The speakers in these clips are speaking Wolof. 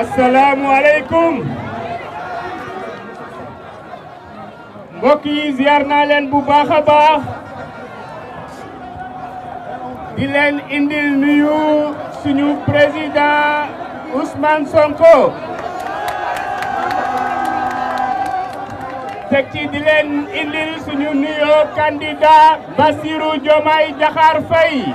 asalaamualeykum mbokk yi ziar naa bu baax a baax di leen indil nuyu suñu président Ousmane Sonko teg ci di leen indil suñu nuyoo candidat Bassirou Diomaye Diakhar Faye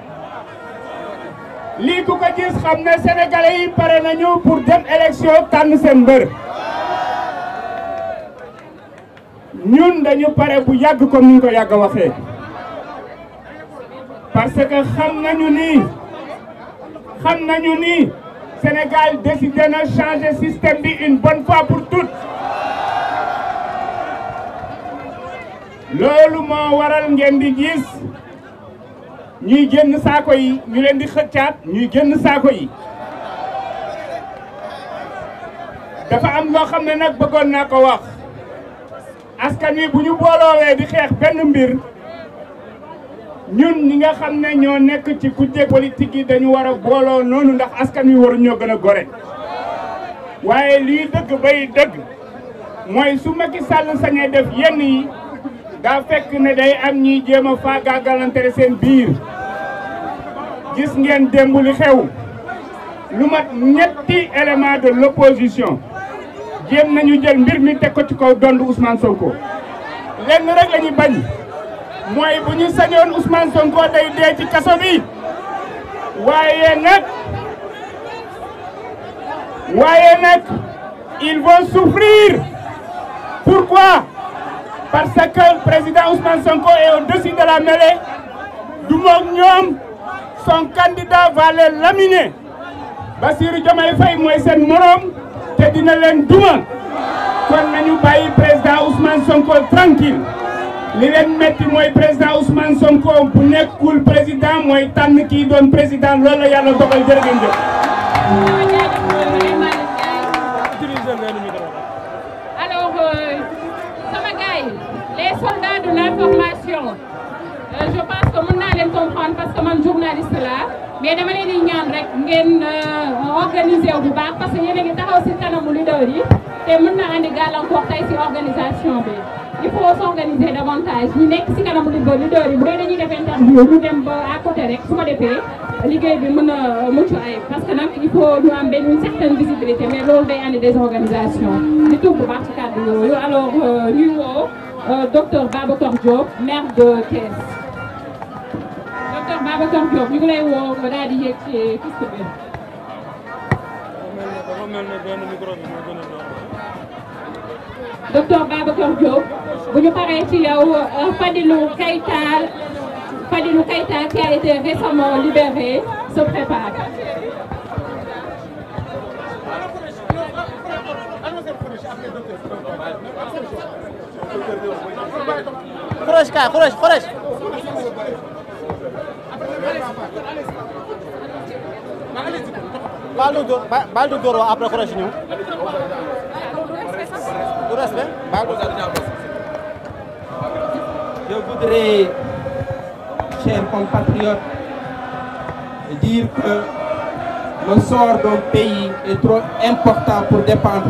lii ku ko gis xam ne sénégalais yi pare nañu pour dem élection tànn seen mbër ñun dañu pare bu yàgg comme ni ñu ko yàgg a waxee parce que xam nañu ni xam nañu ni Sénégal décidé na changer système bi une bonne fois pour toutes loolu moo waral ngeen di gis ñuy génn saako yi ñu leen di xëccaat ñuy génn saako yi dafa am loo xam ne nag bëggoon naa ko wax askan wi bu ñu booloowee di xeex benn mbir ñun ñi nga xam ne ñoo nekk ci kujje politique yi dañu war a booloo noonu ndax askan wi waru ñoo gën a gore waaye lii dëgg bay dëgg mooy su Macky Sall sañee def yenn yi daa fekk ne day am ñuy jéem a faagaagalante seen biir gis ngeen démb li xew lu mat ñetti élément de l'opposition jéem nañu jël mbir mi teg ko ci kaw dond Ousmane Sonko lenn rek la ñu bañ mooy bu ñu sañoon Ousmane Sonko day dee ci kaso bi waaye nag waaye nag ils vont souffrir pourquoi parce que le président Ousmane Sonko est au-dessus de la mêlée ñoom son candidat va les laminer Bassirou Diomaye Faye morom te dina leen duma kon nañu bàyyi président Ousmane Sonko tranquille li leen metti mooy président Ousmane Sonko bu nekkul président mooy tànn kii doon président loolu la yàlla dogal les soldats de l'information euh, je pense que mën naa leen comprendre parce que man journaliste laa mais dama leen di ñaan rek ngeen euh, organiser wu bu baax parce que yéen a ngi taxaw ci kanamu leader yi te mën na andi gàllankoor tey ci organisation bi il faut s'organiser davantage ñu nekk ci kanamu leader yi bu dee dañuy def interview ñu dem ba à côté rek su ma defee liggéey bi mën a euh, mucc ayib parce que nag il faut ñu am benn une certaine visibilité mais loolu day andi des organisations Euh, docteur Babacar Diop maire de Thiès docteur Babacar Diop ñu ngi lay woo nga daal di ci piste bi. docteur Babacar Diop bu ñu paree ci yow euh, Fadilou Keita Fadilou Keita qui a été récemment libéré se Xurees kaay xurees xurees. baal du dóor après xurees ñëw. du respect baal du Je voudrais, dire que le sort d'un pays est trop important pour dépendre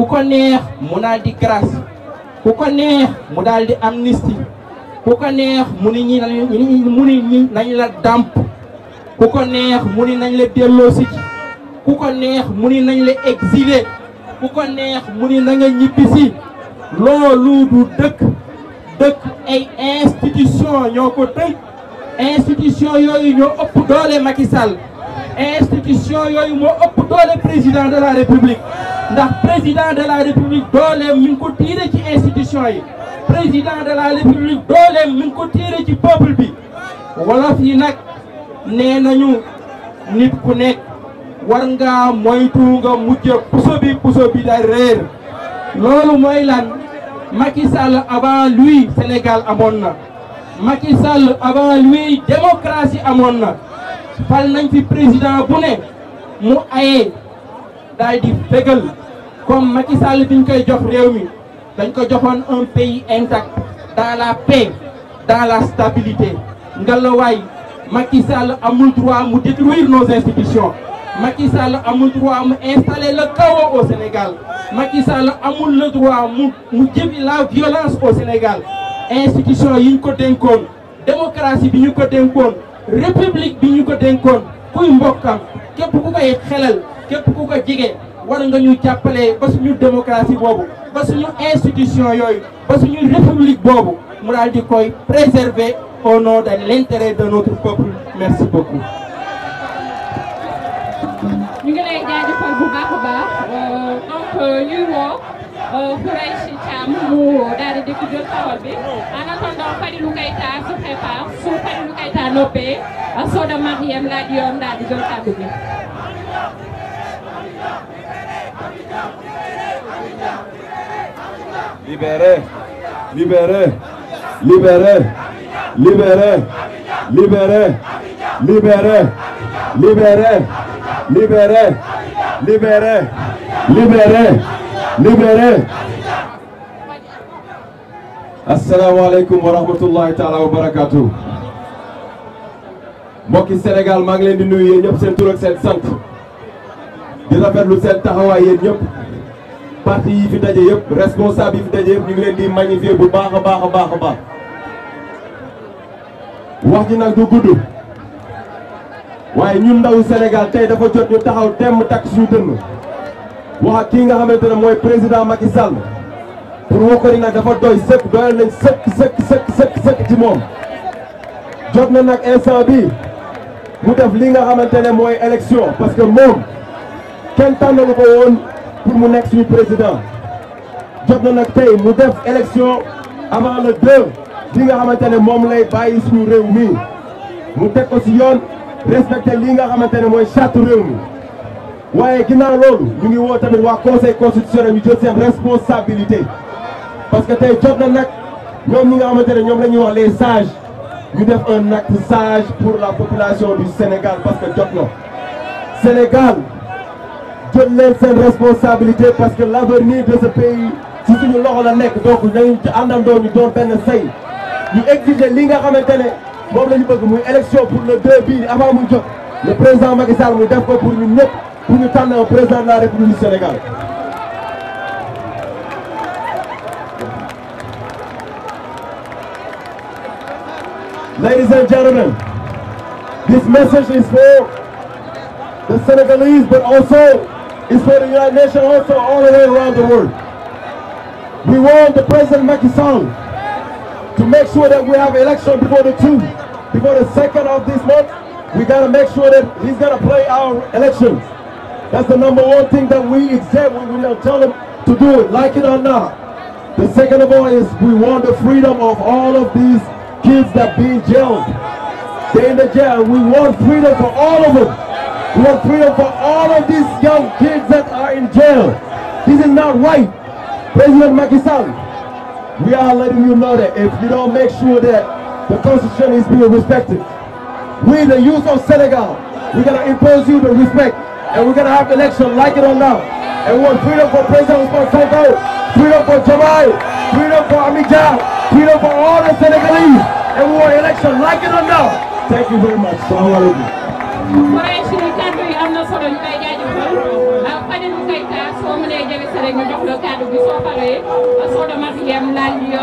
ku ko neex mu daal di grâce ku ko neex mu daldi di amnistie ku ko neex mu ni ñi mu nañ la dàmp ku ko neex mu ni nañ la delloosi ci ku ko neex mu ni nañ la exilé ku ko neex mu ni na nga ñibbisi loolu du dëkk dëkk ay institution ñoo ko tënk institution yooyu ñoo ëpp doole Macky Sall institution yooyu moo ëpp doole président de la République ndax président de la république dooleem mi ngi ko tiire ci institution yi président de la dooleem mi ngi ko tiire ci peuple bi wolof yi nag nee nañu nit ku nekk war ngaa moytu nga mujj puso bi puso bi loolu mooy lan Macky Sall avant lui Sénégal amoon na Macky Sall avant lui démocratie amoon na fal nañ fi président bu ne mu aye daal fégal comme Macky Sall bi ñu koy jox réew mi dañ ko joxoon un pays intact dans la paix dans la stabilité ngalawaay Macky Sall amul droit mu détruire nos institutions Macky Sall amul droit mu installer le chaos au Sénégal Macky Sall amul le droit mu mu la violence au Sénégal institution yi ñu ko dénkoon démocratie bi ñu ko dénkoon république bi ñu ko dénkoon kuy mbokkam képp ku koy xelal képp ku ko jege war nga ñu jàppale ba suñu démocratie boobu ba suñu institution yooyu ba suñu république boobu mu daal di koy préserver au nom de l'intérêt de notre peuple merci beaucoup. ñu ngi lay jaajëfal bu baax a baax euh, donc euh, ñuy woo euh, Khoureychi Thiam mu daal di dégg jël parole yoon daal di jël bi. libéré libéré libéré libéré libéré libéré libéré libéré libéré libéré libéré asalaamaaleykum wa rahmatullahi taala wa barakaatu mbokki Sénégal maa ngi leen di nuyu yéen ñëpp seen tur seen sant di rafetlu seen taxawaay yéen ñëpp parti yi yëpp responsable yi fi daje yëpp ñu ngi leen bu baax a baax a baax a baax wax ji nag du gudd waaye ñun ndawu Sénégal tey dafa jot ñu taxaw temm takk suñu dënn wax ak kii nga xamante ne mooy président Macky Sall pour Wokkori nag dafa doy sëkk doyal nañ sëkk sëkk sëkk sëkk sëkk ci moom jot na nag instant bi mu def li nga xamante ne mooy élection parce que moom kenn tànnalu ko woon pour mu nekk suñu président jot na nag tey mu def élection avant le 2 li nga xamante ne moom lay bàyyi suñu réew mi mu teg ko si yoon respecté lii nga xamante ne mooy charte réew mi waaye ginnaaw loolu ñu ngi woo tamit waa conseil constitutionnel ñu jël seen responsabilité parce que tey jot na nag ñoom ñi nga xamante ne ñoom la ñuy wax les sages ñu def un acte sage pour la population du Sénégal parce que jot na Sénégal jël leen seen responsabilité parce que l'avenir de ce pays ci suñu loxo la nekk donc dañu ci àndandoo ñu doon benn say ñu exiger li nga xamante ne moom la ñu bëgg muy élection pour le deux bii avant mu jot le président Macky Sall mu def ko pour ñun ñëpp pour ñu tànn un président de la République du Sénégal. Ladies and gentlemen, this message is for the Senegalese, but also is for the United Nations also all the way around world. We want the President Macky to make sure that we have election before the two, before the second of this month. We gotta make sure that he's gonna play our elections. That's the number one thing that we accept when we tell him to do it, like it or not. The second of all is we want the freedom of all of these kids that being jailed. They're in the jail. We want freedom for all of them. We want freedom for all of these young kids that are in jail. This is not right. President Macky we are letting you know if you don't make sure that the constitution is being respected, we, the youth of Senegal, we're going impose you the respect and we're going have election like it or we want freedom for President Ousmane Sonko, freedom for Jamal, freedom for Amidja, freedom for all the Senegalese. And we want election like it or not. Thank you very solo ñu koy jaajëfal ah, Fadilou Keita soo mënee jege sa rek ñu jox la kàddu bi soo paree soo demee ak yem laaj